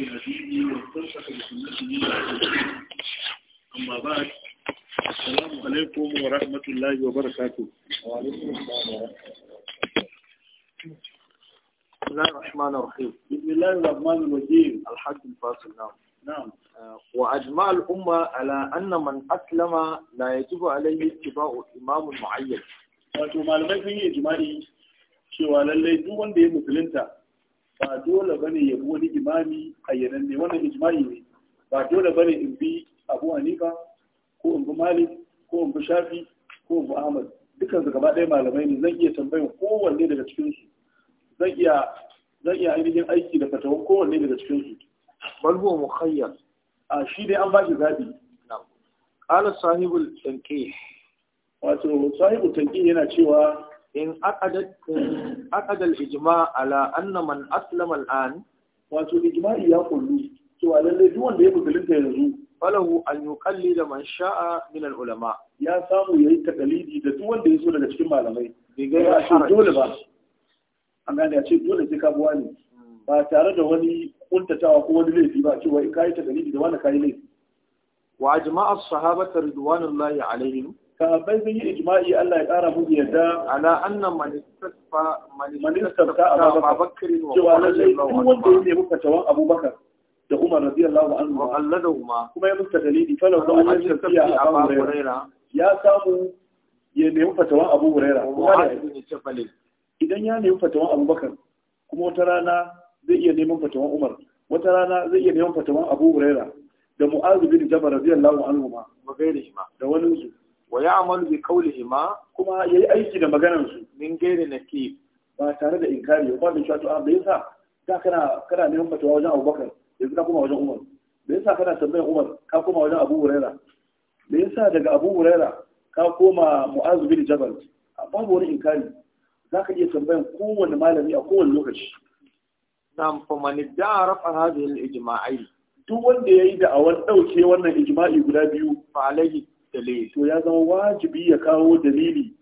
بهديه واستمسك بسنته أما بعد السلام عليكم ورحمة الله وبركاته وعليكم السلام ورحمة الله الله الرحمن الرحيم بسم الله الرحمن الرحيم الحق الفاصل نعم نعم وأجمع الأمة على أن من أسلم لا يجب عليه اتباع إمام معين wato malamai sun yi ijimari cewa lallai duk wanda ya musulunta ba dole bane ya bi wani imami ayyanan ne wannan ijma'i ne ba dole bane in bi Abu Hanifa ko in bi Malik ko in bi Shafi ko in bi Ahmad dukkan su gaba ɗaya malamai ne zan iya tambayar kowanne daga cikin su zan iya zan iya ainihin aiki da fatawan kowanne daga cikin su bal mukhayyar a shi dai an ba shi zabi qala sahibul tanqih wato sahibul tanqih yana cewa in aqadal ijma ala anna man aslama al'an wato ijma'i ya kullu cewa lalle duk wanda ya musulunta yanzu falahu an yuqalli da man sha'a min ulama ya samu yayi takalidi da duk wanda ya so daga cikin malamai bai ga ce dole ba an gane a ce dole sai ka buwa ne ba tare da wani kuntatawa ko wani laifi ba cewa in kayi takalidi da wani kayi laifi wa ajma'a as-sahabata ridwanullahi alaihim sahabbai sun yi ijma'i Allah ya kara musu yadda ala anna man istasfa man istasfa Abubakar cewa lalle wanda ya nemi fatawan Abubakar da Umar radiyallahu anhu wa alladahuma kuma ya musta dalili fa lawa an yastasfi Abu Hurairah ya samu ya nemi fatawan Abu Hurairah idan ya nemi fatawan Abubakar kuma wata rana zai iya neman fatawan Umar wata rana zai iya neman fatawan Abu Hurairah da Mu'adh bin Jabal radiyallahu anhu ma da wani su wa ya'malu bi qawlihima kuma yayi aiki da maganar su min gairi nakif ba tare da inkari ba da cewa to a bai sa da kana kana neman fatawa wajen Abubakar yanzu ka kuma wajen Umar bai sa kana tambayar Umar ka koma wajen Abu Huraira bai sa daga Abu Huraira ka koma Mu'az bin Jabal babu wani inkari zaka iya tambayar kowanne malami a kowanne lokaci nam fa man da'a rafa hadhihi al-ijma'i duk wanda yayi da awar dauke wannan ijma'i guda biyu fa alayhi dalil to ya zama wajibi ya kawo dalili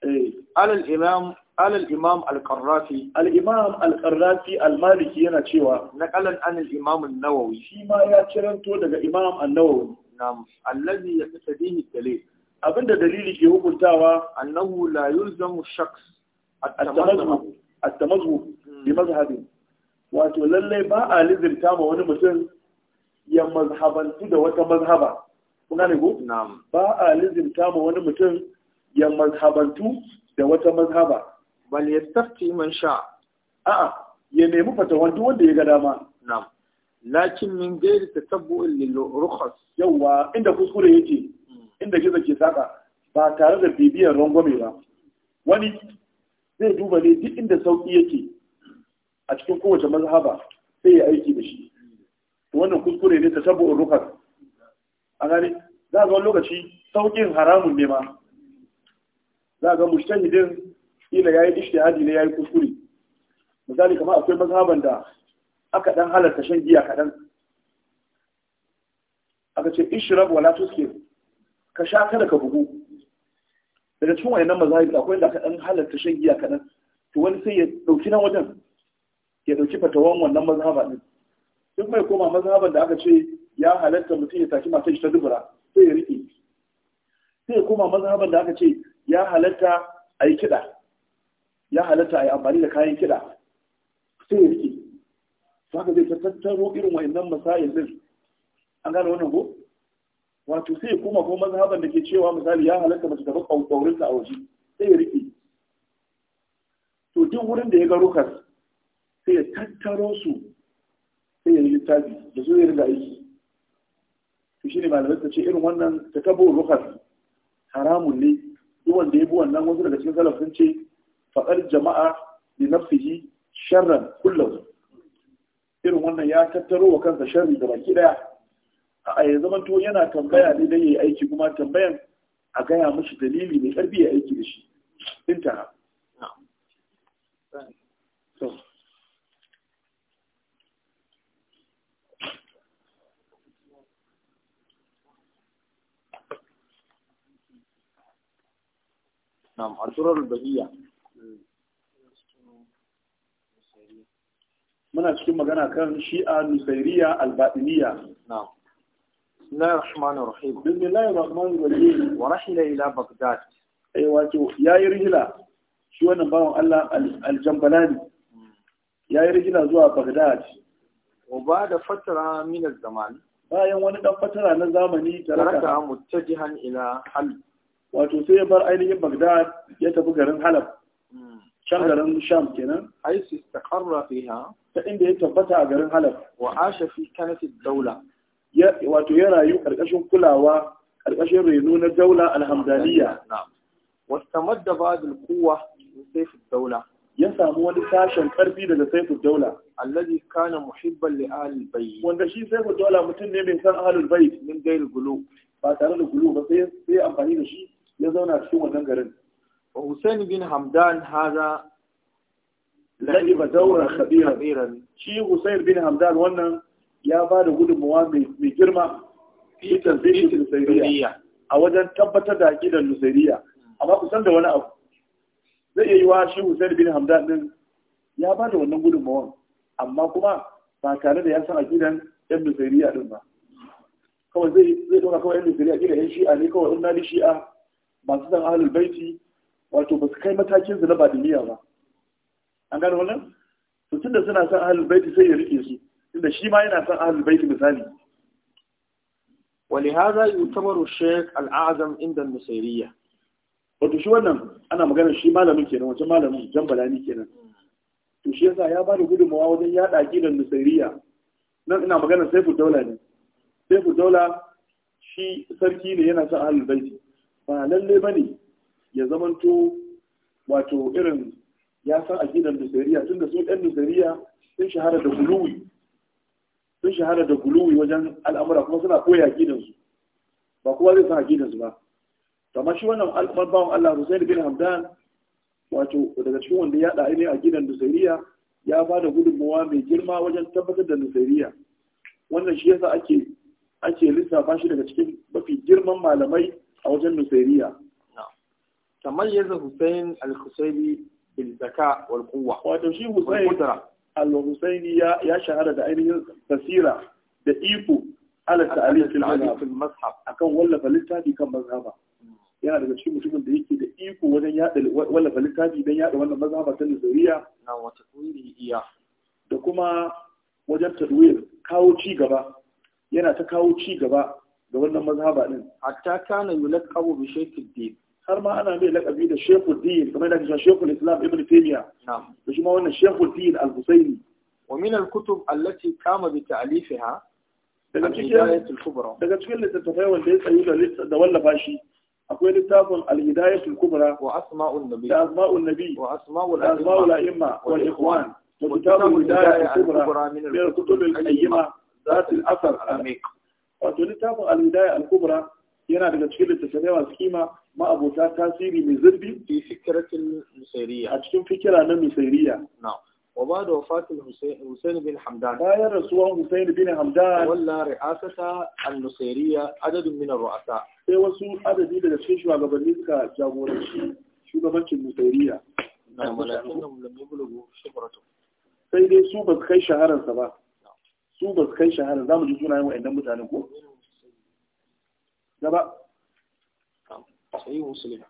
eh. alal imam al-qarrafi al-imam al-qarrafi al-maliki yana cewa naqalan an al-imam an-nawawi shi ma ya ciranto daga imam an-nawawi nam allazi yaqtadihi dalil abinda dalili ke hukuntawa annahu la yulzamu shakhs at-tamazhab hmm. bi mazhabin wato lallai ba a lizirta ma wani mutum ya mazhabantu da wata mazhaba ba a lizinta ma wani mutum ya mazhabantu da wata mazhaba bal yastafti man sha a'a ya nemi fatawan duk wanda ya ga dama na'am lakin min gairi tatabbu'in lil rukhas yawwa inda kuskure yake hmm. inda gizo ke saka ba tare da bibiyar rangwame ba wani zai duba ne duk inda sauki yake a cikin kowace mazhaba sai ya aiki da shi hmm. wannan kuskure ne ta tatabbu'in rukhas a gani za a ga lokaci sauƙin haramun ne ma za a ga mushtahidin ila ya yi ishtihadi ne ya yi kuskure misali kama akwai mazhaban da aka dan halarta shan giya kaɗan aka ce ishrab wala tuskir ka sha kada ka bugu daga cikin wayannan mazhabi akwai da aka dan halarta shan giya kaɗan to wani sai ya ɗauki nan wajen ya ɗauki fatawan wannan mazhaba ne. duk mai koma mazhaban da aka ce ya halatta mutum ya saki matar shi ta dubura sai ya rike sai ya koma mazhaban da aka ce ya halatta a yi kiɗa ya halatta a yi amfani da kayan kiɗa sai ya rike to haka zai tattaro irin wa'annan masayin din an gane wannan ko wato sai ya koma kuma mazhaban da ke cewa misali ya halatta mace ta ba ƙaurinta a waje sai ya rike to duk wurin da ya ga rukar sai ya tattaro su sai ya yi littafi da zuwa ya riga aiki to ne malamai ta ce irin wannan ta tabo rukar haramun ne duk wanda ya bi wannan wasu daga cikin salaf sun ce faɗar jama'a li nafsihi sharran kullum irin wannan ya tattaro wa kansa sharri da baki ɗaya? a ya zama to yana tambaya ne ya yayi aiki kuma tambayan a gaya mashi dalili mai karfi ya aiki da shi So. muna cikin magana kan shi'a nusairiya albaɗiniya na'am bismillahir rahmanir rahim bismillahir rahmanir rahim wa shi wannan bawan Allah aljambalani yayi rihila zuwa baghdad wa ba da fatara min zamani bayan wani dan fatara na zamani taraka mutajihan ila hal wato sai ya bar ainihin Bagdad ya tafi garin Halab. Hmm. Can garin Sham kenan. Ai su takarra fiha. Ta inda ya tabbata a garin Halab. Wa asha fi kanatin daula. Wato ya rayu ƙarƙashin kulawa ƙarƙashin reno na daula alhamdaniya. Wa tamadda ba da kuwa sai daula. Ya sami wani sashen ƙarfi daga sai daula. Allah kana muhibban li bai bayi. Wanda shi sai daula mutum ne mai kan ahli bayi. Min gairi gulu. Ba tare da gulu ba sai amfani da shi. ya zauna cikin wannan garin wa Hussein bin Hamdan haza la'iba daura khabiran shi Hussein bin Hamdan wannan ya ba da gudunmawa mai girma fi tanzihin Nusairiya a wajen tabbatar da aqidar Nusairiya amma kusan da wani abu zai iya yi wa shi Hussein bin Hamdan din ya ba da wannan gudunmawan amma kuma ba tare da ya san aqidan yan Nusairiya din ba kawai zai ɗora kawai yan Nusairiya aqidan yan Shi'a ne kawai ɗan na Shi'a masu zan ahlul baiti wato ba su kai matakin zina ba duniya ba an gano wannan to tunda suna san ahlul baiti sai ya rike su tunda shi ma yana san ahlul baiti misali yi utamaru الشيخ al'azam inda nusairiya wato shi wannan ana magana shi malamin kenan wancan malamin jan balani kenan to shi yasa ya bada gudunmawa wajen yada aqidar nusairiya nan ina magana saifu daula ne saifu daula shi sarki ne yana son ahlul baiti ba lalle bane ya zamanto wato irin ya san aqidar nusariya tunda su ɗan nusariya sun shahara da guluwi sun shahara da guluwi wajen al'amura kuma suna koya aqidar su ba kuma zai san aqidar su ba amma shi wannan bawon Allah Hussein bin Hamdan wato daga cikin wanda ya ɗari ne a gidan Nusairiya ya ba da gudunmawa mai girma wajen tabbatar da Nusairiya wannan shi yasa ake ake lissafa shi daga cikin mafi girman malamai a wajen nusairiya tamayyaza Hussein al-Husaini bil zaka wal quwwa wato shi Hussein al-Husaini ya shahara da ainihin basira da iko ala ta'alif fil A kan wallafa littafi kan mazhaba hmm. yana daga cikin mutumin da yake da iko wajen yada wallafa littafi don yada wannan mazhaba ta nazariya na wata tawiri iya da kuma wajen tadwir kawo ci gaba yana ta kawo ci gaba da wannan mazhaba din hatta kana yulqabu bi shaykhuddin har ma ana mai laqabi da shaykhuddin kamar da kishan shaykhul islam ibn taymiya na'am da shi ma wannan shaykhuddin al-husaini wa min al-kutub allati qama bi ta'lifiha daga cikin daga cikin littattafai wanda ya tsayu da wallafa shi akwai littafin al al kubra wa asma'un nabi da asma'un nabi wa asma'ul a'imma wal ikhwan وكتاب الهداية الكبرى من الكتب القيمة ذات الأثر العميق wato littafin al-hidaya al-kubra yana daga cikin littattafai masu kima ma'abota tasiri mai zurbi fi fikratin musairiya a cikin fikira na musairiya na'am wa ba da wafatin Hussein bin Hamdan bayan rasuwan Hussein bin Hamdan walla ri'asata al-nusairiya adadin min ru'asa sai wasu adadi daga cikin shugabanni suka jagoranci shugabancin nusairiya na'am walakin lam yablughu shuhratu sai dai su ba kai shahararsa ba su ba su kai shahara za mu ji sunayen wa'annan mutane ko gaba sai musulun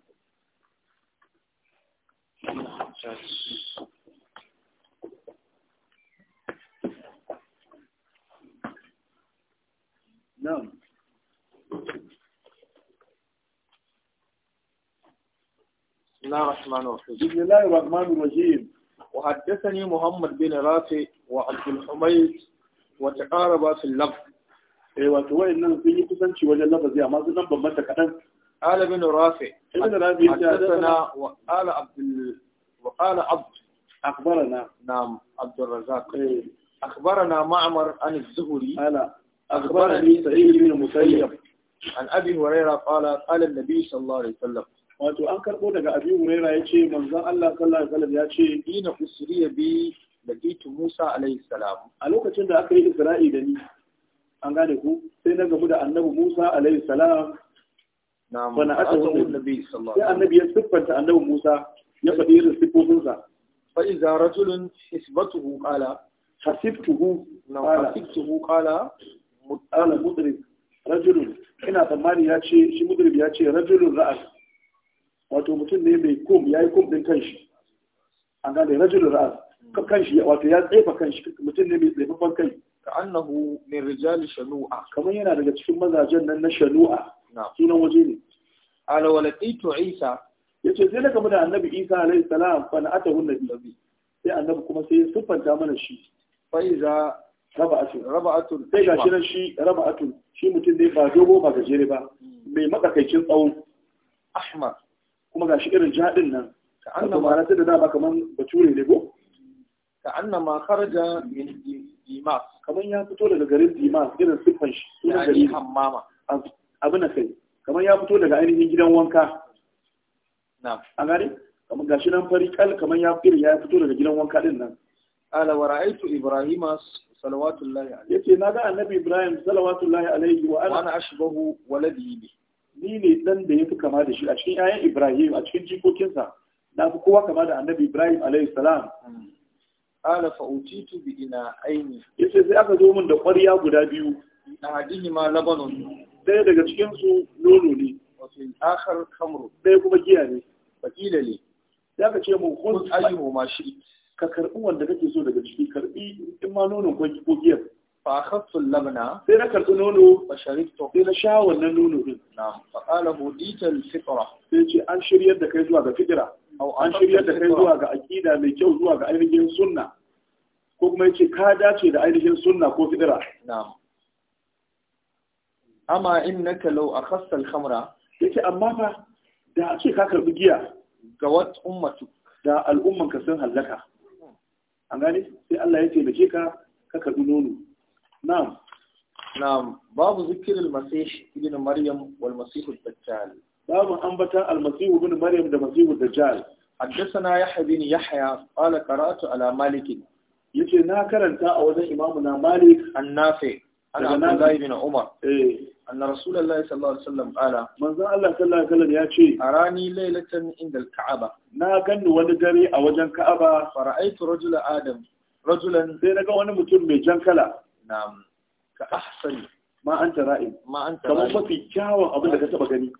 نعم بسم الله الرحمن الرحيم بسم الله الرحمن الرحيم وحدثني محمد بن رافع وعبد الحميد wata ƙara ba su laf eh wato wayannan sun yi kusanci wajen lafazi amma sun nan bambanta kaɗan قال بن رافع ابن رافع حدثنا وقال عبد وقال عبد أخبرنا نعم عبد الرزاق أخبرنا معمر عن الزهري أنا أخبرني سعيد بن مسيب عن أبي هريرة قال قال النبي صلى الله عليه وسلم wato an karɓo daga abi huraira ya ce manzon Allah sallallahu alaihi wasallam ya ce ina usriya bi laqitu Musa alaihi salam a lokacin da aka yi Isra'i da ni an gane ku sai na gamu da annabi Musa alaihi salam na'am aka yi annabi sallallahu alaihi annabi ya siffanta annabi Musa ya faɗi irin siffofin sa fa idza rajulun isbatuhu qala hasibtuhu qala hasibtuhu qala mutala mudrib rajulun ina tsammani ya ce shi mudrib ya ce rajulun ra'as wato mutum ne mai kum yayi kum din kanshi an gane rajulun ra'as kanshi wato ya tsefa kanshi mutum ne mai tsefaffen kai ka annahu min rijali shanu'a kamar yana daga cikin mazajen nan na shanu'a sunan waje ne ala walatitu isa yace sai na kamu da annabi isa alaihi salam fa na atahu nabi sai annabi kuma sai ya siffanta mana shi fa iza raba'atun raba'atun sai gashi nan shi raba'atun shi mutum ne ba dogo ba gajere ba hmm. mai makakaicin tsawo ahmar kuma shi irin jadin nan ka annaba ta da dama kamar bature ne ko ka annama kharaja min dimas kamar ya fito daga garin dimas irin sifan shi sunan gari hammama abin da kai kamar ya fito daga ainihin gidan wanka na'am a gari kamar gashi nan fari kal kamar ya fito ya fito daga gidan wanka din nan ala wa ra'aytu ibrahima salawatullahi alaihi yace na ga annabi ibrahim salawatullahi alaihi wa ana ashbahu waladi bi ni ne dan da yafi kama da shi a cikin ayan ibrahim a cikin jikokinsa na fi kowa kama da annabi ibrahim alaihi salam hmm. qala fa utitu bi ina aini yace sai aka zo min da ƙwarya guda biyu na hadihi ma labanun ɗaya daga cikin su nono ne wato akhar kamru ɗaya kuma giya ne fakila ne sai aka ce mu kun ayyuhu ma shi ka karbi wanda kake so daga ciki karbi in ma nono ko giya fa akhadtu labana sai na karbi nono fa sharibtu sai na sha wannan nono din na fa qala mudita al fitra sai ce an shiryar da kai zuwa ga fitra an shirya da kai zuwa ga aƙida mai kyau zuwa ga ainihin sunna ko kuma yace ka dace da ainihin sunna ko fidira na'am amma innaka law akhassa al-khamra yace amma fa da ake ka karbi giya ga wat ummatu da al'umman ka sun halaka an gane sai Allah ya taimake ka ka karbi nono na'am na'am babu zikirin masih ibn maryam wal masih ad-dajjal باب أنبتا المسيح بن مريم ده مسيح الدجال حدثنا يحيى بن يحيى قال قرأت على مالك يجي نا كرنتا أو ده إمامنا مالك النافع عن عبد الله بن عمر إيه أن رسول الله صلى الله عليه وسلم قال من ذا الله صلى الله عليه وسلم يأتي أراني ليلة عند الكعبة نا كن ونجري أو جن كعبة فرأيت رجل آدم رجلا سينك وانا متون بجن كلا نعم كأحسن ما أنت رائم ما أنت رائم كما في جاوة أبدا كتب غني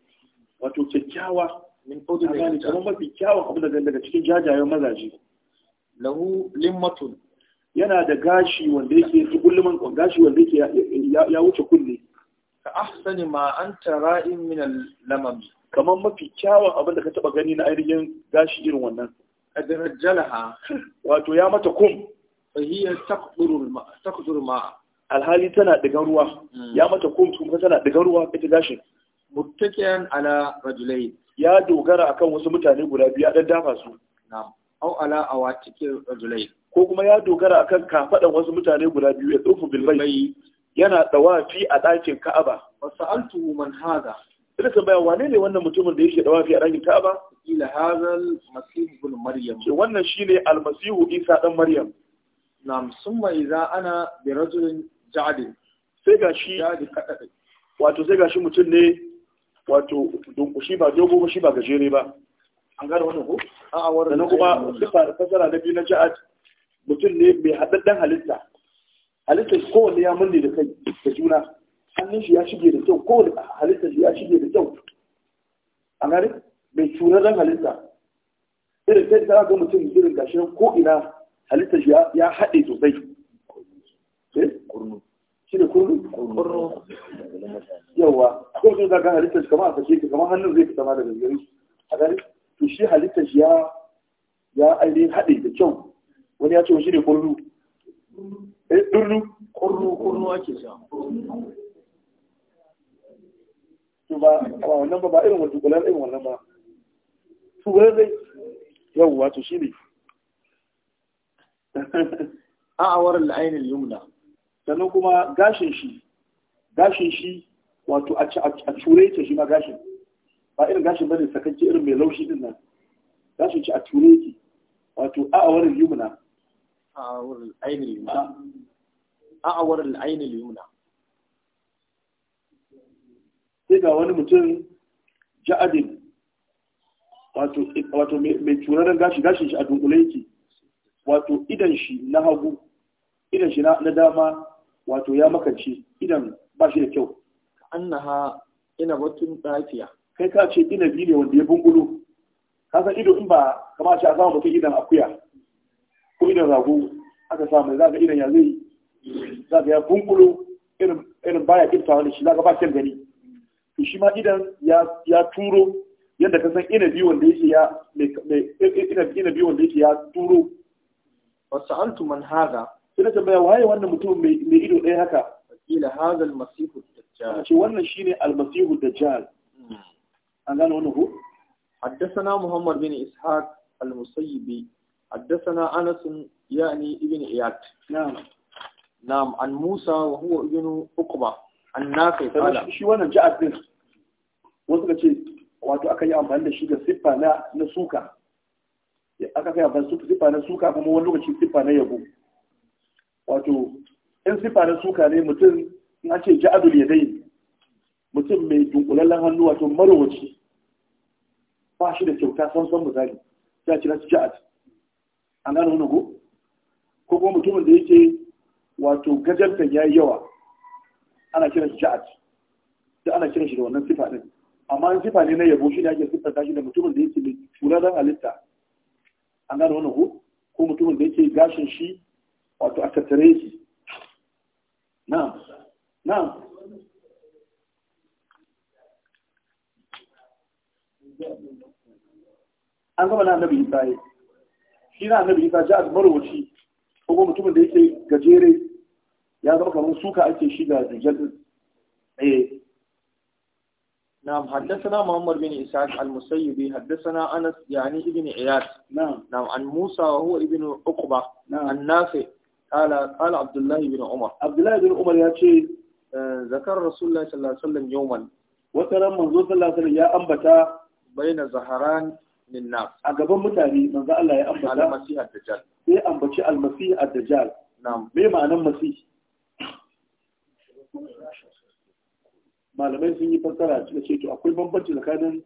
wato kyakkyawa min qawli zalika kamar mafi kyawun abu daga daga cikin jajayen mazaje lahu limmatun yana da gashi wanda yake tukulluman gashi wanda yake ya wuce kulle. ka ahsani ma anta ra'in min al-lamam kamar mafi kyawun abin da ka taba gani na ainihin gashi irin wannan adrajalaha wato ya mata kum fa hiya taqduru taqduru ma alhali tana digan ruwa hmm. ya mata kum kuma tana digan ruwa kace gashin muttakiyan ala rajulai ya dogara akan wasu mutane guda biyu ya dan dafa su na'am au ala awatikin rajulai ko kuma ya dogara akan kafadan wasu mutane guda biyu ya tsofu bilbai yana dawafi a ɗakin Ka'aba wa sa'altu man hada sai ka baya wane ne wannan mutumin da yake dawafi a ɗakin Ka'aba ila hazal masih ibn maryam ce wannan shine almasihu isa dan maryam na'am summa idza ana bi rajulin ja'd sai gashi ja'd kadai wato sai gashi mutum ne wato dunkushi ba dogo ba shi ba gajere ba an gane wannan ko a'a wannan sannan kuma sifa fasara na biyu na ja'ad mutum ne mai haɗaɗɗen halitta halitta halittar kowanne ya manne da kai da juna hannun shi ya shige da kyau kowanne halitta shi ya shige da kyau an gane mai curarren halitta irin sai ta ga mutum irin gashi ko ina halitta shi ya haɗe sosai eh? kurnu shi da kurru kurru yawa ko shi ga halittar shi kamar a fashe ka kamar hannun zai fita ma daga gari a gari to shi halitta shi ya ya ainihin haɗe da kyau wani ya ce shi ne kurru eh kurru kurru kurru ake sa to ba ba wannan ba ba irin wannan gulan irin wannan ba to ba zai yawa to shi ne a'awar al-ayn al-yumna sannan kuma gashin shi gashin shi wato a ture yake shi ma gashin ba irin gashin bane sakacce irin mai laushi din nan gashin shi a ture yake wato a'awar yumna a'awar ainihin yumna aini ainihin yumna sai ga wani mutum ja'adin wato mai turaren gashi gashin shi a dunkule yake wato idan shi na hagu idan shi na dama wato ya makance idan ba shi da kyau annaha ina batun tsafiya kai ka ce ina biyu ne wanda ya bungulo ka san ido in ba kama ce a sama mutum idan akuya ko idan rago aka samu za ka idan ya zai za ka ya bungulo irin baya kirta wani shi za ka ba kyan gani to shi ma idan ya turo yadda ka san biyu wanda yake ya mai wanda yake ya turo wasu altu man haza sai na tambaya waye wannan mutum mai ido ɗaya haka wakila hadha al dajjal shi wannan shine almasihu dajjal hmm. an gano wannan ko حدثنا محمد بن إسحاق المسيبي حدثنا أنس يعني ابن إياد na'am نعم عن موسى وهو ابن عقبة عن نافع قال shi wannan ja'ad din wasu kace wato aka yi amfani da shi ga siffa na na suka aka kai amfani da siffa na suka kuma wani lokaci siffa na yabo wato in sifa na suka ne mutum in ake ya dai mutum mai dunkulallen hannu wato marowaci ba shi da kyauta sansan misali ya ce na ja'ad an gano wani ko ko kuma mutumin da yake wato gajarta ya yi yawa ana kiran ja'ad da ana kiran shi da wannan sifa din amma in sifa ne na yabo shi ne ake ta shi da mutumin da yake mai curar halitta an gano wani go ko mutumin da yake gashin shi wato a tattare shi an na annabi isa yi shi na annabi isa mutumin da yake gajere ya zama kamar suka ake shi ga dujjal eh نعم حدثنا محمد بن إسحاق المسيبي حدثنا أنس يعني ابن عياد نعم نعم عن موسى وهو ابن عقبة نعم kala abdullahi bin umar abdullahi bin umar ya ce zakar rasulullah sallallahu alaihi wasallam wata ran manzo sallallahu ya ambata bayna zaharan min a gaban mutane manzo allah ya ambata masih ad-dajjal sai ambaci al-masih ad-dajjal nam me ma'anan masih malamai sun yi fassara cewa ce to akwai bambanci tsakanin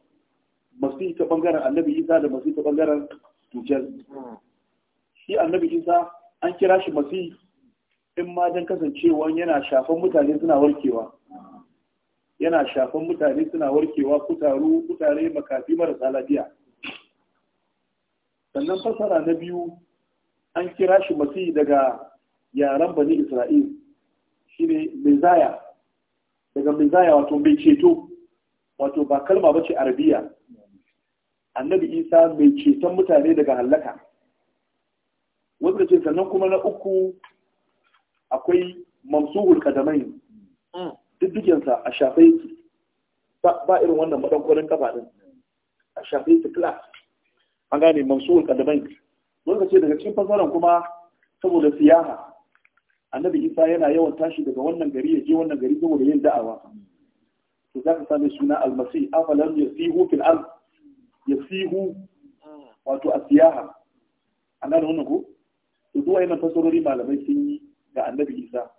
masih ta bangaren annabi isa da masih ta bangaren dajjal hmm. shi annabi isa an kira shi yi, in ma don kasancewa yana shafan mutane suna warkewa yana shafan mutane suna warkewa kutaru kutare makafi marasa lafiya sannan fasara na biyu an kira shi yi daga yaren bani isra'il ne mezaya daga mezaya wato mai ceto wato ba kalma ba ce arabiya annabi isa mai ceton mutane daga hallaka wanda ce sannan kuma na uku akwai mamsuhul kadamai mm. diddigensa a shafe yake ba irin wannan maɗankwarin kafa ɗin a shafe yake class an gane mamsuhul kadamai wanda ce daga cikin fasaran kuma saboda siyaha annabi isa yana yawan tashi daga wannan gari ya je wannan gari saboda yin da'awa to za ka same suna almasi afalan yasihu fil ard hu. Mm. wato a siyaha. A gane wannan ko to zuwa yana fasarori malamai sun yi ga annabi isa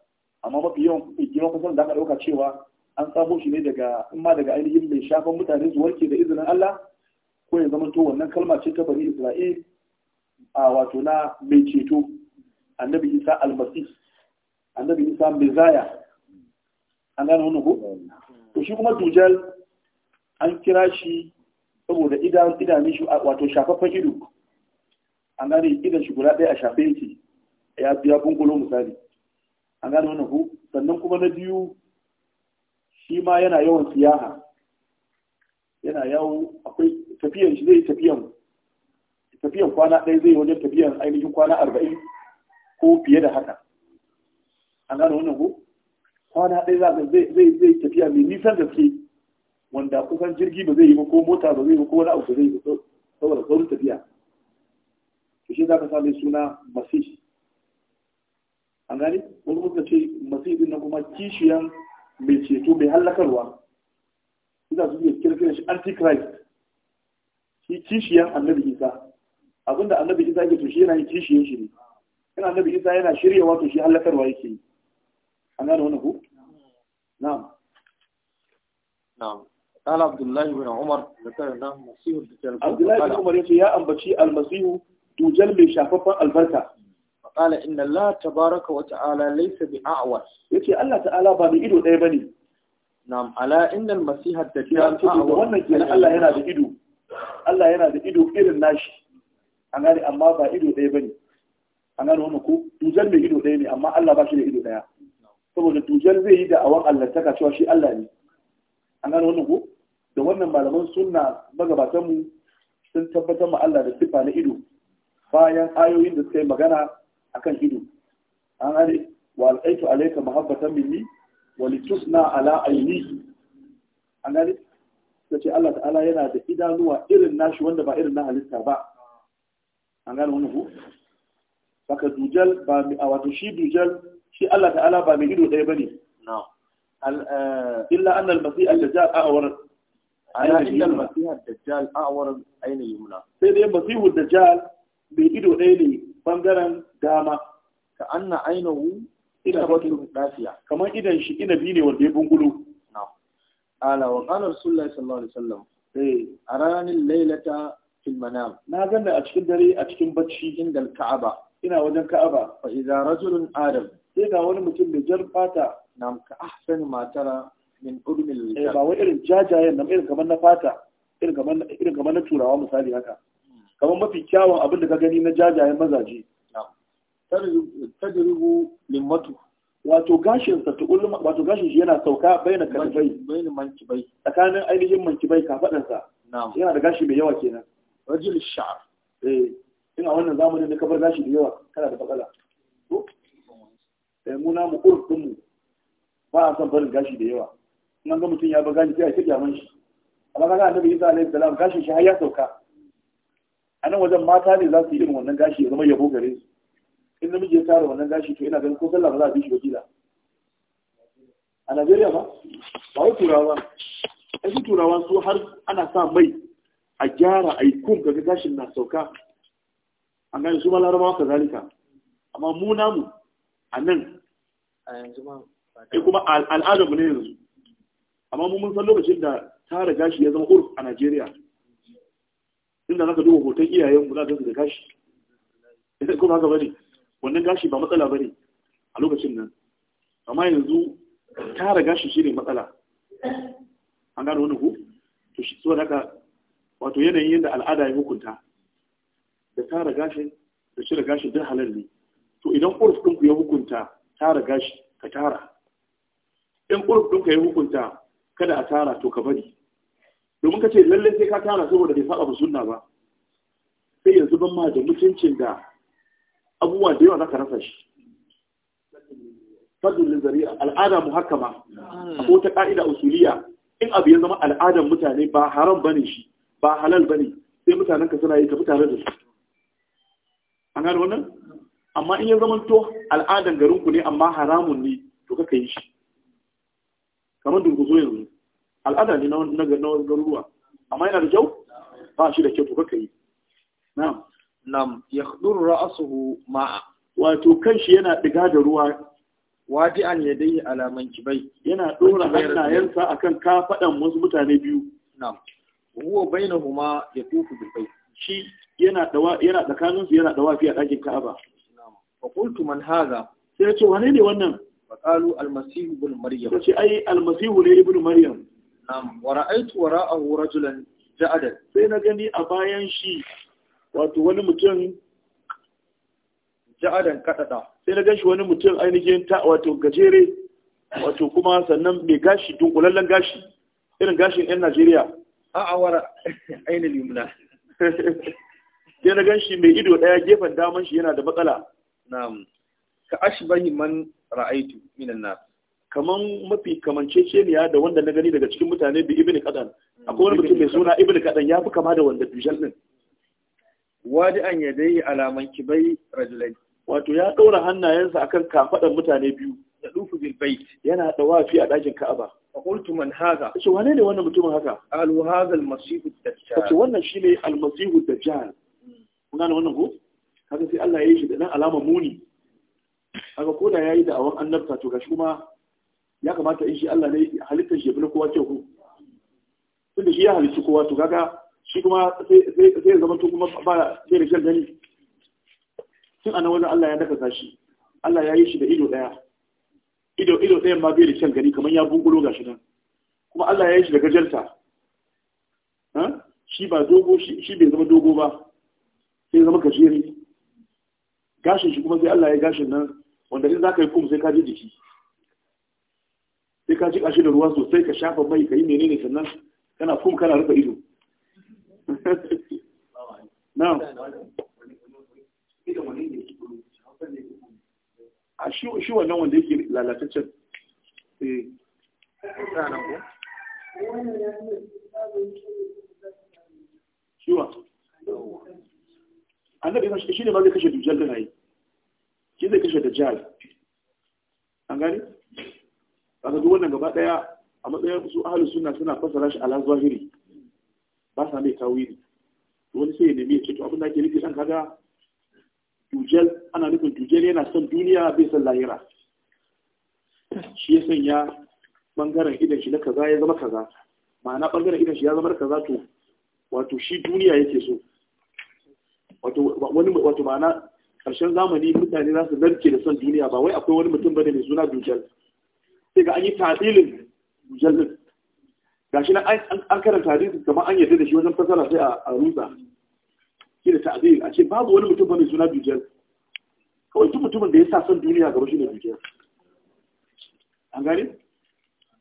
amma mafi yawan yawan fasarar da aka ɗauka cewa an samu shi ne daga in ma daga ainihin mai shafan mutane su warke da izinin Allah ko ya zama to wannan kalma ce ta bari Isra'il a wato na mai ceto annabi Isa almasi annabi Isa mai zaya an gane wani ko to shi kuma dujal an kira shi saboda idan idanun shi wato shafaffen ido an gane idan shi guda ɗaya a shafe yake ya biya bungulo misali an gane wannan ku sannan kuma na biyu shi ma yana yawan siyaha yana yawo akwai tafiyan shi zai tafiyan tafiyan kwana ɗaya zai wajen tafiyan ainihin kwana arba'in ko fiye da haka an gane wannan ku kwana ɗaya za ka zai zai tafiya mai nisan gaske wanda kusan jirgi ba zai yi ba ko mota ba zai yi ba ko wani abu ba zai yi ba saboda saurin tafiya shi za ka sa mai suna masih an gani wani suka ce masih din na kuma kishiyan mai ceto mai hallakarwa ina su yi kirkirar shi antichrist shi kishiyan annabi isa abinda annabi isa yake to shi yana yi kishiyan shi ne yana annabi isa yana shiryawa to shi hallakarwa yake yi an gani wani ku na'am na'am قال عبد الله بن عمر ذكرنا مسيح الدجال عبد الله بن عمر يقول يا أنبتي المسيح dujal mai shafaffen albarka faƙala inna Allah tabaraka wa ta'ala laysa bi a'war yace Allah ta'ala ba mai ido ɗaya ba ne. na'am ala inna al-masiha dajjal a'war wannan kenan Allah yana da ido Allah yana da ido irin nashi an gane amma ba ido ɗaya ba ne. an gane wannan ko dujal mai ido ɗaya ne amma Allah ba shi da ido ɗaya saboda dujal zai yi da awan Allah ta cewa shi Allah ne an gane wannan ko da wannan malaman sunna magabatanmu sun tabbatar ma Allah da sifa na ido bayan ayoyin da suka yi magana a kan ido an hane wa alƙaitu alaika mahabbatan minni wa litusna ala aini an hane ta ce Allah ta'ala yana da idanuwa irin nashi wanda ba irin na halitta ba an gane wani ku baka dujal ba a wato shi dujal shi Allah ta'ala ba mai ido ɗaya ba ne eh, illa annal masih al-dajjal a'war ana illa al-masih al-dajjal a'war ainihi yumna sai dai masih al-dajjal mai ido ɗaya ne ɓangaren dama ka anna ainihu ina wato lafiya kamar idan shi ina bi ne wanda ya bungulu ala wa qala rasulullahi sallallahu alaihi wasallam eh, a ranar laylata fil manam na ganna a cikin dare a cikin bacci inda ka'aba ina wajen ka'aba fa idza rajulun adam sai ga wani mutum mai jar fata nam ka ahsani matara min udmil eh ba wai irin jajayen nan irin kamar na fata irin kamar na turawa misali haka kamar mafi kyawun abin da ka gani na jajayen mazaje tadribu limmatu wato gashin sa ta ulma wato gashin shi yana sauka baina kalbai baina mankibai tsakanin ainihin mankibai kafadan sa yana da gashi mai yawa kenan rajul sha'r eh ina wannan zamanin da kabar gashi da yawa kana da bakala to eh mu na mu mu ba a san barin gashi da yawa Nan ga mutum ya ba gashi sai a kiyaye man shi amma kaga annabi Isa alaihi salam gashin shi har ya sauka a nan wajen mata ne za su yi irin wannan gashi ya zama yabo gare su in namiji ya tara wannan gashi to ina ganin ko sallah ba za a bi shi wakila a najeriya ba ba wai turawa ai su turawa su har ana sa mai a gyara a yi kum ga gashin na sauka an gane su ma larabawa ka zalika amma mu namu a nan eh, kuma al'adar mu ne yanzu amma mun san lokacin da tara gashi ya zama urf a najeriya inda ka duba hoton iyayen mu zaka da gashi idan eh, kuma haka bane wannan gashi ba matsala bane a lokacin nan amma yanzu tara gashi shine matsala an gano wani ku to shi so haka wato yanayin yadda al'ada ya hukunta da tara gashin da da gashin duk halal ne to idan urf ɗinku ya hukunta tara gashi ka tara in urf ɗinka ya hukunta kada a tara to ka bari domin ka ce lallai sai ka tara saboda bai saba sunna ba sai yanzu ban ma da mutuncin da abubuwa da yawa za ka rasa shi fadlul zari'a al'ada muhakkama ko ta ka'ida usuliya in abu ya zama al'adan mutane ba haram bane shi ba halal bane sai mutanen ka suna yi ka tare da su an gano wannan amma in ya zama to al'adan garin ku ne amma haramun ne to kaka yi shi kamar durkuzo yanzu al'ada ne na garuruwa amma yana da kyau ba shi da kyau to kaka yi na'am nam yakhdur ra'suhu ma'a wato kanshi yana diga da ruwa waje an yadayhi alaman kibai yana dora hannayensa akan kafadan wasu mutane biyu na'am huwa bainahuma yatufu bil bayt shi yana dawa yana tsakanin su yana dawa fi a dakin Ka'aba na'am fa qultu man haza sai ce wane ne wannan fa qalu al-masih ibn maryam sai ai al-masih ne ibn maryam Na'am, wa ra'aitu wara'ahu rajulan ja'adan. Sai na gani a bayan shi wato wani mutum ja'adan kadada. Sai na ganshi wani mutum ainihin ta wato gajere wato kuma sannan mai gashi dunkulallen gashi irin gashin 'yan Najeriya. A'a wara ainihin yumna. Sai na ganshi mai ido ɗaya gefen daman shi yana da matsala. Na'am. Ka ashbahi man ra'aitu minan nas. kaman mafi kamanceceniya da wanda na gani daga cikin mutane da ibn kadan akwai wani mutum mai suna ibn kadan ya fi kama da wanda dujal din wadi an yadai alaman kibai rajulai wato ya daura hannayensa akan kafadan mutane biyu da dufu bil bait yana wafi a dakin ka'aba fa qultu man hadha shi wane ne wannan mutumin haka alu hadha al masih ad dajjal kace wannan shine al masih da dajjal kuna ne wannan ko Haka sai Allah ya yi shi da alama muni kaga koda yayi da awan annabta to gashi kuma ya kamata in shi Allah ne halittar shi na kowa kyau tun da shi ya halitta kowa to kaga shi kuma sai ya zama to kuma ba sai da shan gani tun anan wajen Allah ya nakasa sashi Allah ya yi shi da ido daya ido ido ɗayan ma bai da shan gani kamar ya ga gashi nan kuma Allah ya yi shi da gajarta shi ba dogo shi bai zama dogo ba sai zama gajeri gashin shi kuma sai Allah ya gashin nan wanda in za ka yi kum sai ka ji jiki sai ka jika shi da ruwa sosai ka shafa mai ka yi mene ne sannan kana kuma kana rufe ido na a shi wannan wanda yake lalataccen eh shiwa annabi shi ne ma zai kashe dujjal da na yi. shi zai kashe da jihar. an gani kaga duk wannan gaba daya a matsayin su ahlus sunna suna fassara shi ala zahiri ba sa mai tawili wani sai ya nemi ya ce to abin da ake nufi dan kaga tujel ana nufin tujel yana son duniya bai san lahira shi ya sanya bangaren idan shi na kaza ya zama kaza ma'ana bangaren idan shi ya zama kaza to wato shi duniya yake so wato wani wato ma'ana karshen zamani mutane za su narke da son duniya ba wai akwai wani mutum bane mai suna dujal sai ga an yi tadilin mujallad gashi na an karanta hadisi kamar an yarda da shi wajen fasara sai a rusa shi da ta'dil a ce babu wani mutum bane suna dujal kawai duk mutumin da ya sa son duniya gaba shi ne an gane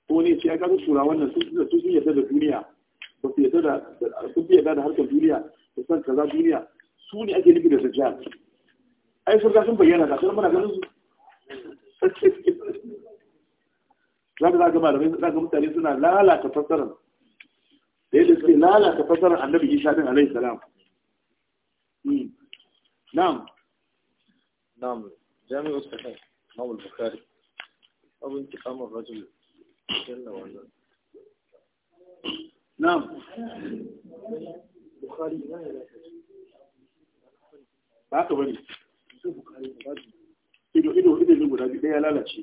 ko ne sai aka sura wannan sun sun yarda da duniya ba su yarda da sun fi yadda da harkar duniya da san kaza duniya su ne ake nufi da dujal ai sun ga sun bayyana ga sun mana ganin su Zaka ka ga malamai za mutane suna lalata fassarar da suke lalata fassarar annabi Isa din alaihi salam hmm. na'am na'am jami'u sahih Imam Bukhari Abu Intiqam ar-Rajul jalla wa ala na'am Bukhari ina ya ba ka bari ido ido ido guda biyu ya lalace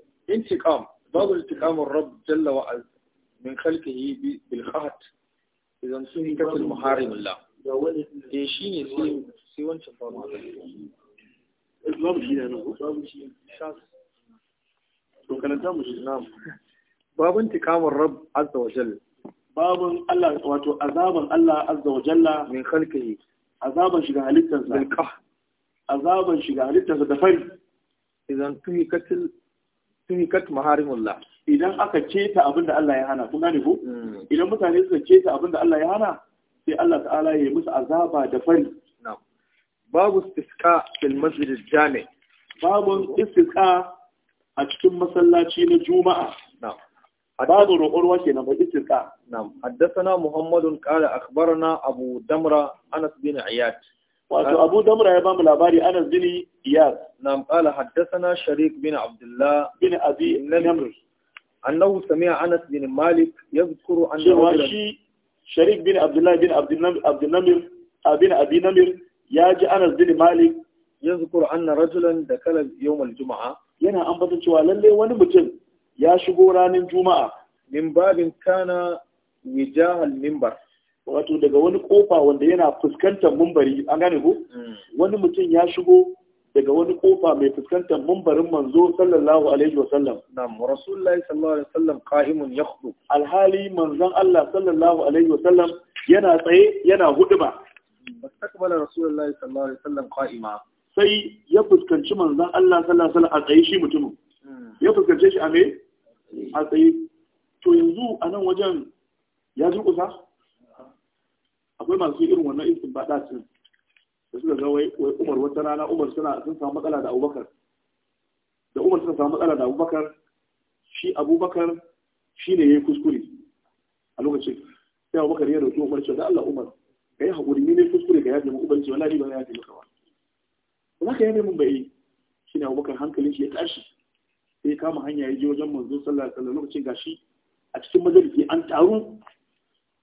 intiqam babu intiqamur jalla wa azza min khalqihi bil khat idan sun kafa muharim Allah eh shine sai sai wancan babu babu shi ne babu shi shas to kalanta mu shi na'am babu intiqamur rabb azza wa jalla babun Allah wato azaban Allah azza jalla min khalqihi azaban shiga halittarsa azaban shiga halittarsa da fari idan suhikat maharimullah idan aka ceta abin da Allah ya hana kun gane ko hmm. idan mutane suka ceta abin da Allah ya hana sai Allah ta'ala ya yi musu azaba da fari babu istisqa fil masjid jami babu istisqa a cikin masallaci na juma'a babu roƙon ruwa na ba istisqa na'am haddathana muhammadun qala akhbarana abu damra anas bin iyad wato abu damra ya bamu labari anas bin iyas nam qala haddathana sharik bin abdullah bin abi namr annahu sami'a anas bin malik yadhkuru annahu shi sharik bin abdullah bin abd namr bin abi namr ya ji anas bin malik yadhkuru anna rajulan dakala yawm al-jum'a yana ambata cewa lalle wani mutum ya shigo ranar juma'a min babin kana wijahal minbar wato daga wani kofa wanda yana fuskantar mumbari an gane ko mm. wani mutum ya shigo daga wani kofa mai fuskantar mumbarin manzo sallallahu alaihi wa sallam Na rasulullahi sallallahu alaihi wa sallam qa'imun yakhdhu alhali manzon Allah sallallahu alaihi wa sallam yana tsaye yana huduba fastaqbala rasulullahi sallallahu alaihi wa sallam qa'ima sai ya fuskanci manzon Allah sallallahu alaihi wa sallam a tsaye shi mutumin mm. ya fuskance shi a me a tsaye to yanzu a nan wajen ya kusa? akwai masu irin wannan iskin ba dace da suka ga wai umar wata rana umar suna sun samu matsala da abubakar da umar suka samu matsala da abubakar shi abubakar shi ne ya yi kuskure a lokacin sai abubakar ya roƙi umar cewa da allah umar ka yi ne ne kuskure ka yafe mu ubanci wallahi ba ya yafe maka ba ba za ka mun bai yi shi ne abubakar hankalin shi ya tashi sai kama hanya ya je wajen manzo sallallahu alaihi wasallam lokacin gashi a cikin majalisi an taru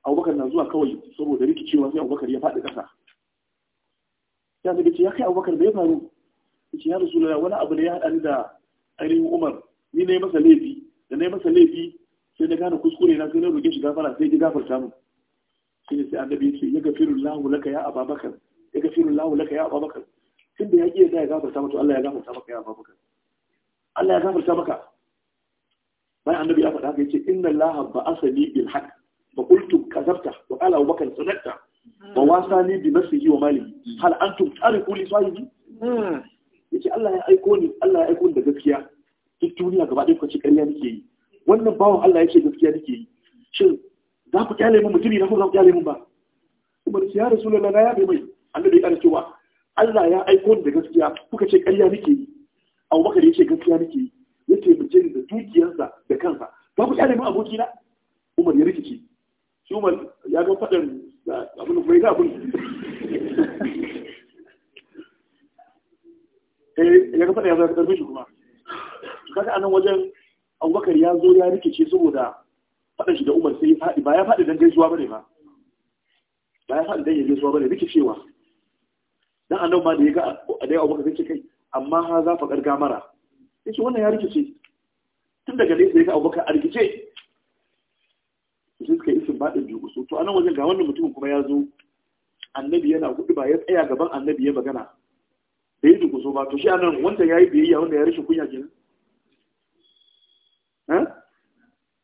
abubakar na zuwa kawai saboda rikicewa sai abubakar ya faɗi ƙasa ya zai ce ya kai abubakar da ya faru ya ce ya rasu wani abu da ya haɗa ni da ainihin umar ni na yi masa laifi da na yi masa laifi sai na gane kuskure na sai na roƙe shi gafara sai ya gafarta min shi ne sai annabi ya ce ya gafiru lahu laka ya ababakar ya gafiru lahu laka ya ababakar tun da ya ƙi ya gafarta to Allah ya gafarta maka ya ababakar Allah ya gafarta maka bayan annabi ya faɗa haka ya ce inna laha ba asali bil haqq fa qultu kazabta wa qala abubakar sadaqta wa wasani bi nafsihi wa mali hal antum tariqu li sahibi yace Allah ya aiko ni Allah ya aiko ni da gaskiya duk duniya gaba ɗaya kwace ƙarya nake yi wannan bawan Allah yake gaskiya nake yi shin za ku kyale mu mutumi na ko za ku kyale mu ba kuma ya rasulullahi na yabe mai annabi ya cewa Allah ya aiko ni da gaskiya kuka ce ƙarya nake yi Abu Bakar yace gaskiya nake yi yace mu je da dukiyarsa da kansa za ku kyale mu abokina Umar ya rikice shi ya ga faɗin abin mai ga abin eh, ya ga faɗin ya zai ƙarfi shi kuma kaga anan wajen abubakar ya zo ya rikice saboda faɗin shi da umar sai ya faɗi ba ya faɗi don gaisuwa ba ne ba ba ya faɗi don ya gaisuwa ba ne rikicewa dan annabi ma da ya ga da ya abubakar sai kai amma ha za fa Ya ce wannan ya rikice tun daga nesa ya ga abubakar a rikice baɗin biyu usul to anan wajen ga wannan mutumin kuma ya zo annabi yana gudu ba ya tsaya gaban annabi ya magana da duk dukuso ba to shi anan wanda ya yi biyayya wanda ya rashin kunya kenan eh?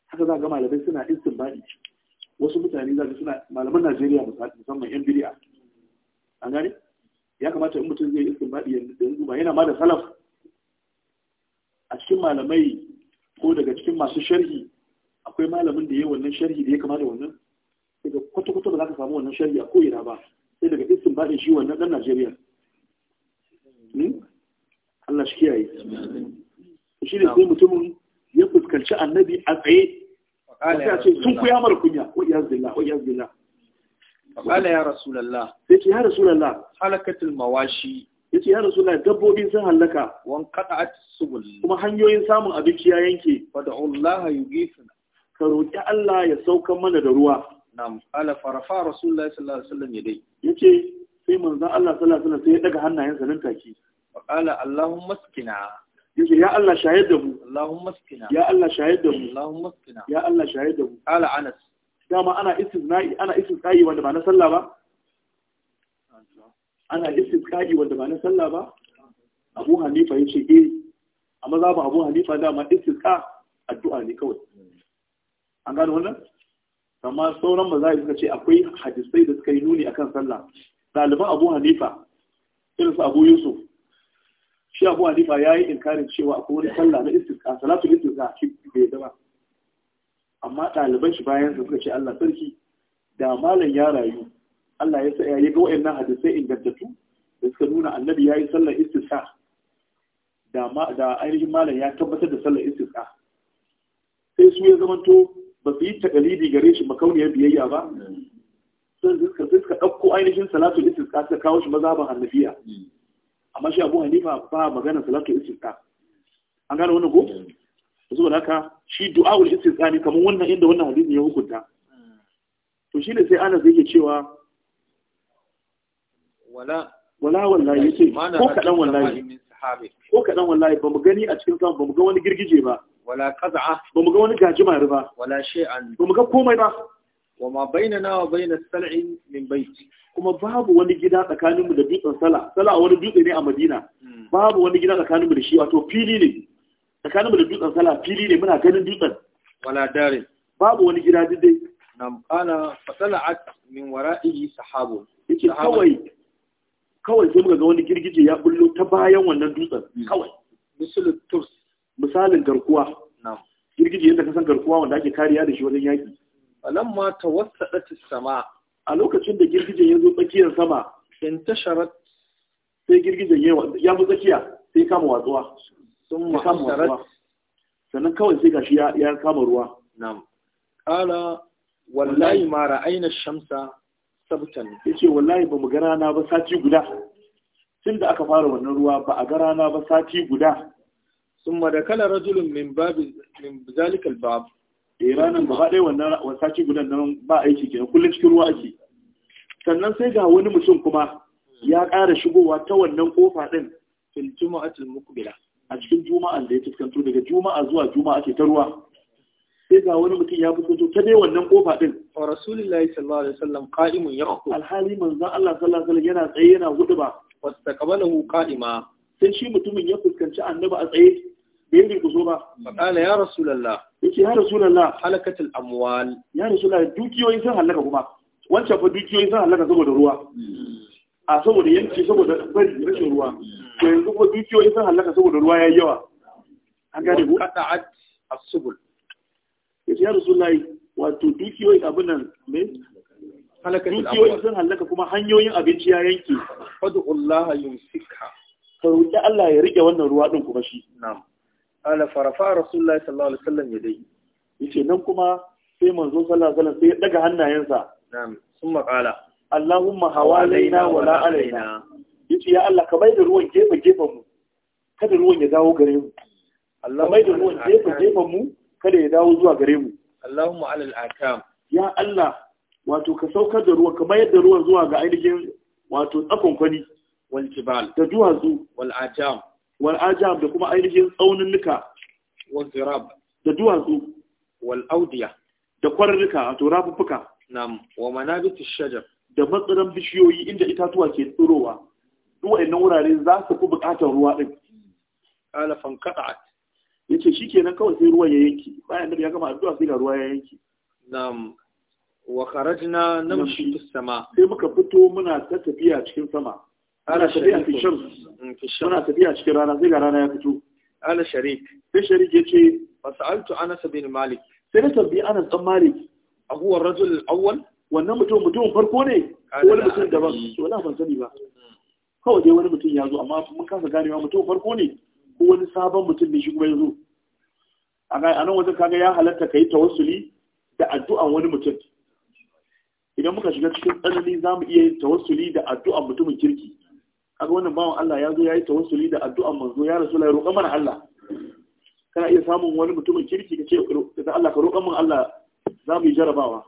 haka za ga malamai suna istinbadi wasu mutane za su suna malaman Najeriya musamman yan biriya an gane ya kamata in mutum zai istinbadi yanzu ba yana ma da salaf a cikin malamai ko daga cikin masu sharhi akwai malamin da ya wannan sharhi da ya kama da wannan daga kwata-kwata ba za ka samu wannan sharhi a ko'ina ba sai daga isin baɗin shi wannan ɗan najeriya hmm? Allah shi kiyaye shi ne sai mutumin ya fuskanci annabi a tsaye ya ce sun kuya mara kunya wa iya zilla, wa iyaz billah qala ya rasulallah. sai ce ya rasulallah. halakatul mawashi ce ya rasulallah dabbobin sun halaka wan qata'at subul kuma hanyoyin samun abinci ya yanke Allah ya yi gifin ka roƙi Allah ya sauka mana da ruwa na'am ala farafa rasulullahi sallallahu alaihi wasallam Ya ce sai manzon Allah sallallahu alaihi wasallam sai ya ɗaga hannayensa nan take wa qala allahumma askina yace ya Allah shayar da mu allahumma askina ya Allah shayar da mu allahumma askina ya Allah shayar da mu ala anas dama ana istisna'i ana istisna'i wanda ba na sallah ba ana istisna'i wanda ba na sallah ba Abu Hanifa ya yace eh amma za ba Abu Hanifa dama istisqa addu'a ne kawai an gano wannan amma sauran mazhabi suka ce akwai hadisai da suka yi nuni akan sallah Daliban abu hanifa irinsu abu yusuf shi abu hanifa ya yi inkarin cewa akwai wani sallah na istiska, salatu istisqa shi bai zama. amma ɗaliban shi bayan su suka ce Allah sarki da malam ya rayu Allah ya sa ya ga wayannan hadisai ingantattu da suka nuna annabi ya yi sallah istiska, da ainihin malam ya tabbatar da sallah istiska. sai su ya zamanto ba su yi takalibi gare shi makauniyar biyayya ba sun suka suka ɗauko ainihin salatu istisqa suka kawo shi maza mazhaban hannafiya amma shi abu hanifa ba magana salatu istisqa an gane wannan ko saboda haka shi du'a'ul istisqa ne kamar wannan inda wannan hadisi ya hukunta to shine sai ana zai ke cewa wala wala wallahi yace ko kadan wallahi ko kadan wallahi ba mu gani a cikin sa ba mu ga wani girgije ba wala qaz'a ba mu ga wani gajimare ba wala shay'an ba mu ga komai ba wa ma bainana wa bainas sal'i min bai. kuma babu wani gida tsakaninmu da dutsen sala sala wani dutse ne a madina hmm. babu wani gida tsakaninmu da shi wato fili ne tsakaninmu da dutsen sala fili ne muna ganin dutsen wala dare babu wani gida dai nam qala fasala'at min wara'ihi sahabu yace kawai kawai sai muka ga wani girgije ya bullo ta bayan wannan dutsen hmm. kawai misalin turs misalin garkuwa girgije yadda ka san garkuwa wanda ake kariya da shi wajen yaki falamma tawassadat as-sama a lokacin da girgijen ya zo tsakiyar sama in intasharat sai girgijen ya fi tsakiya sai kama watsuwa sun kama watsuwa sannan kawai sai gashi ya kama ruwa na'am Kala wallahi ma ra'ayna shamsa shamsa sabtan yace wallahi ba mu ga rana ba sati guda tun da aka fara wannan ruwa ba a ga rana ba sati guda summa da kala rajulun min babi min zalikal bab eh ranan ba dai wannan wasaci gudan nan ba aiki kenan kullun cikin ruwa ake sannan sai ga wani mutum kuma ya ƙara shigowa ta wannan kofa din fil juma'atil muqbila a cikin juma'a da ya fuskanto daga juma'a zuwa juma'a ke ta ruwa sai ga wani mutum ya fuskanto ta dai wannan kofa din wa rasulullahi sallallahu alaihi wasallam qa'imun yakhutub alhali manzon Allah sallallahu alaihi wasallam yana tsaye yana hudu ba wastaqbalahu qa'ima sai shi mutumin ya fuskanci annabi a tsaye yin bil ba faqala ya rasulullah yace ya rasulullah al amwal ya rasulullah dukiyoyin sun halaka kuma wancan fa dukiyoyin sun halaka saboda ruwa hmm. a saboda yanki saboda bari rashin ruwa to yanzu kuma dukiyoyin sun halaka saboda ruwa yayi yawa an gane ku qata'at as-subul yace ya rasulullah wato dukiyoyin abin nan me dukiyoyin sun halaka kuma hanyoyin abinci ya yanke fadullah Allah yumsikha ka roki Allah ya rike wannan ruwa din kuma shi na'am ala farafa rasulullahi sallallahu alaihi wasallam ya dai yace nan kuma sai manzo sallallahu alaihi wasallam sai ya daga hannayensa na'am summa qala allahumma hawalaina la alaina yace ya Allah ka bayar ruwan gefe gefen mu kada ruwan ya dawo gare mu Allah mai da ruwan gefe gefen mu kada ya dawo zuwa gare mu allahumma alal akam ya Allah wato ka saukar da ruwan ka bayar da ruwan zuwa ga ainihin wato tsakon kwani wal jibal da duwatsu wal ajam wal ajam da kuma ainihin tsauninnuka wal zirab da duwatsu wal audiya da kwararruka a to rafuffuka nam wa manabit shajar da matsaran bishiyoyi inda itatuwa ke tsirowa duk wayannan wurare za su fi bukatar ruwa din ala fankada'at yace shikenan kawai sai ruwan ya yanki bayan da ya gama addu'a sai ga ruwa ya yanki nam wa kharajna namshi fis sama sai muka fito muna ta tafiya cikin sama ana tafiya fi shams Mm, muna tafiya cikin rana sai ga rana ya fito ala sharik sai sharik yace fasaltu anas bin malik sai na tambayi anas dan malik a huwa rajul al-awwal wannan mutum mutum farko ne ko wani mutum daban to wala ban sani ba kawai dai wani mutum ya zo amma mun kasa ganewa mutum farko ne ko wani sabon mutum ne shi kuma ya zo a nan wajen kaga ya halatta ka yi tawassuli da addu'an wani mutum idan muka shiga cikin tsanani za mu iya yin tawassuli da addu'an mutumin kirki kaga wannan bawan Allah ya zo ya yi tawassuli da addu'an manzo ya rasu la roƙa mana Allah kana iya samun wani mutumin kirki ka ce da Allah ka roƙa min Allah za mu yi jarabawa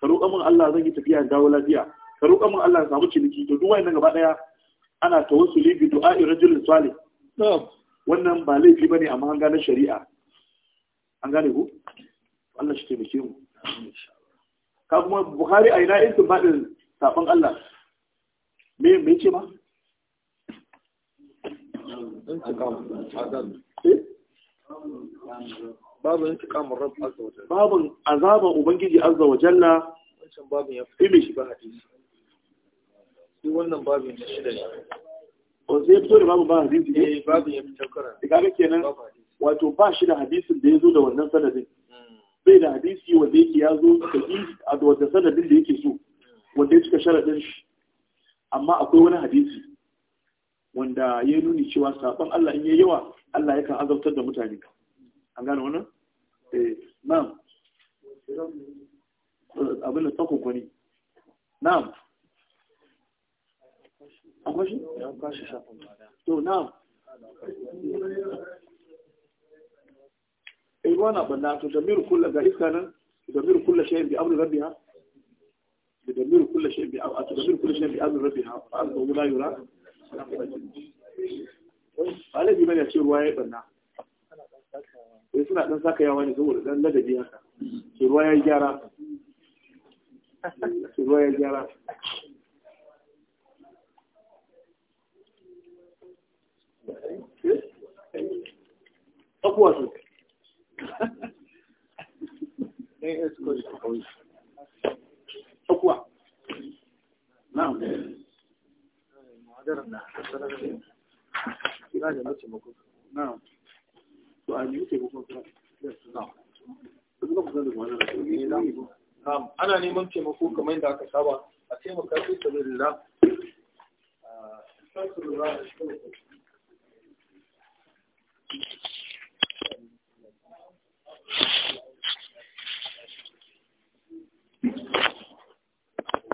ka roƙa min Allah zan yi tafiya dawo lafiya ka roƙa min Allah samu ciniki to duk wannan gaba daya ana tawassuli bi du'a'i rajulin salih wannan ba laifi bane amma an gane shari'a an gane ku Allah shi taimake mu ka kuma Bukhari a ina irin baɗin saɓon Allah me me ce ma babu intiqamun rabb azza wa jalla babu azaban ubangiji azza wa jalla wancan babin ya fi shi ba hadisi shi wannan babin da shida ne o zai fito da babu ba hadisi ne eh, babin ya fi takkara Daga kaga kenan wato ba shi da hadisin da ya zo da wannan sanadin hmm. bai da hadisi wanda yake ya zo da a da sanadin da yake so wanda ya cika sharadin shi amma akwai wani hadisi wanda ya nuni cewa saban Allah in yayi yawa Allah ya kan azabtar da mutane an gane wannan eh na'am abin da tsakon kwani na'am akwai shi ya kwashi shafin to na'am eh wana banna to damiru kullu ga iska nan damiru kullu shay'in bi amri rabbiha damiru kullu shay'in bi amri ba laifi bane ce ruwa ya barna sai eh, suna ɗan saka yawa ne saboda ɗan ladabi haka ce ruwa ya gyara ruwa ya gyara ana neman taimako kamar yadda aka saba a taimaka sai da za a shi